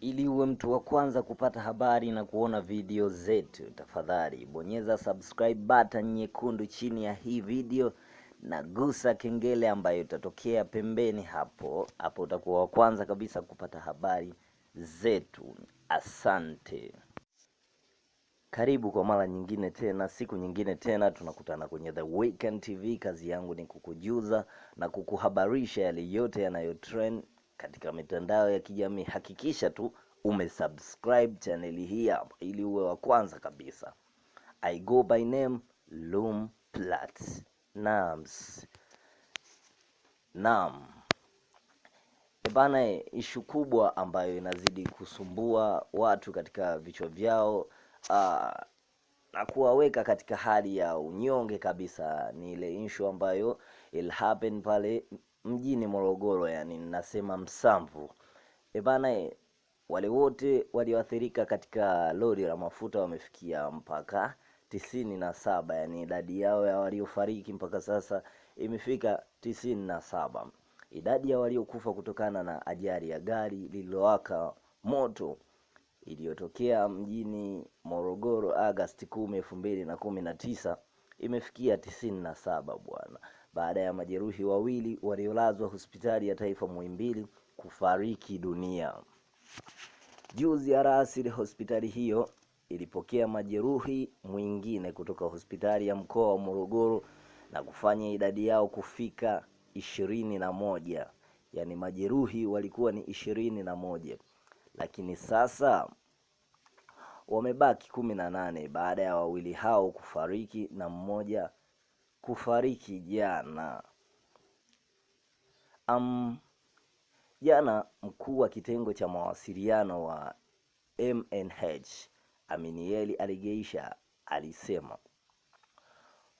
Ili uwe mtu wa kwanza kupata habari na kuona video zetu, tafadhali bonyeza subscribe button nyekundu chini ya hii video na gusa kengele ambayo itatokea pembeni hapo. Hapo utakuwa wa kwanza kabisa kupata habari zetu. Asante, karibu kwa mara nyingine tena, siku nyingine tena tunakutana kwenye The Weekend TV. Kazi yangu ni kukujuza na kukuhabarisha yale yote yanayotrend katika mitandao ya kijamii, hakikisha tu umesubscribe chaneli hii hapa ili uwe wa kwanza kabisa. I go by name Lumplat. Nams. Naam. Ebana, ishu kubwa ambayo inazidi kusumbua watu katika vichwa vyao ah, na kuwaweka katika hali ya unyonge kabisa ni ile issue ambayo it happen pale mjini Morogoro, yani nasema Msamvu. E bana, e, wale wote walioathirika katika lori la mafuta wamefikia mpaka tisini na saba, yani idadi yao ya waliofariki mpaka sasa imefika tisini na saba. Idadi ya waliokufa kutokana na ajali ya gari lililowaka moto iliyotokea mjini Morogoro Agasti kumi elfu mbili na kumi na tisa imefikia tisini na saba bwana baada ya majeruhi wawili waliolazwa hospitali ya taifa Muhimbili kufariki dunia. Juzi alasiri hospitali hiyo ilipokea majeruhi mwingine kutoka hospitali ya mkoa wa Morogoro na kufanya idadi yao kufika ishirini na moja. Yaani majeruhi walikuwa ni ishirini na moja, lakini sasa wamebaki kumi na nane baada ya wawili hao kufariki na mmoja kufariki jana. Um, jana mkuu wa kitengo cha mawasiliano wa MNH Aminieli Aligeisha alisema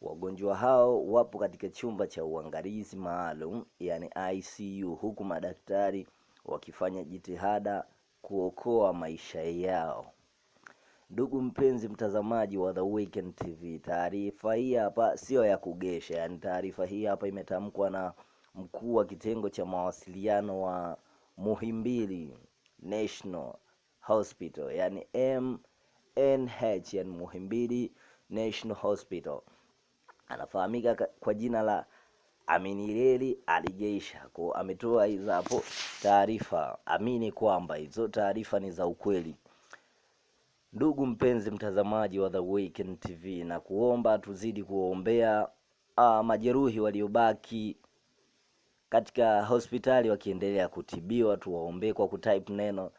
wagonjwa hao wapo katika chumba cha uangalizi maalum yani ICU, huku madaktari wakifanya jitihada kuokoa maisha yao. Ndugu mpenzi mtazamaji wa The Weekend TV, taarifa hii hapa siyo ya kugesha, yaani taarifa hii hapa imetamkwa na mkuu wa kitengo cha mawasiliano wa Muhimbili National Hospital, yani MNH, yani Muhimbili National Hospital. Anafahamika kwa jina la Aminireli Aligeisha, kwa ametoa hizo hapo taarifa, amini kwamba hizo taarifa ni za ukweli. Ndugu mpenzi mtazamaji wa The Weekend TV, na kuomba tuzidi kuwaombea ah, majeruhi waliobaki katika hospitali wakiendelea kutibiwa. Tuwaombee kwa kutype neno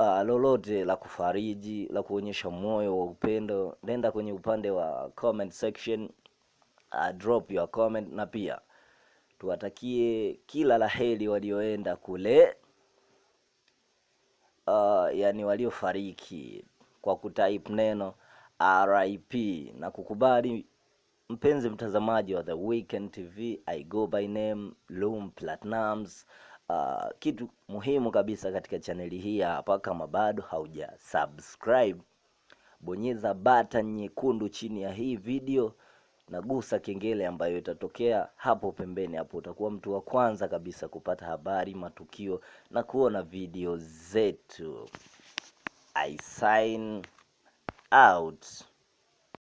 Uh, lolote la kufariji la kuonyesha moyo wa upendo, nenda kwenye upande wa comment section, uh, drop your comment, na pia tuwatakie kila la heri walioenda kule uh, yani waliofariki kwa kutype neno RIP na kukubali. Mpenzi mtazamaji wa The Weekend TV, I go by name Loom Platnumz. Uh, kitu muhimu kabisa katika chaneli hii hapa, kama bado hauja subscribe, bonyeza button nyekundu chini ya hii video nagusa kengele ambayo itatokea hapo pembeni hapo. Utakuwa mtu wa kwanza kabisa kupata habari, matukio na kuona video zetu. I sign out.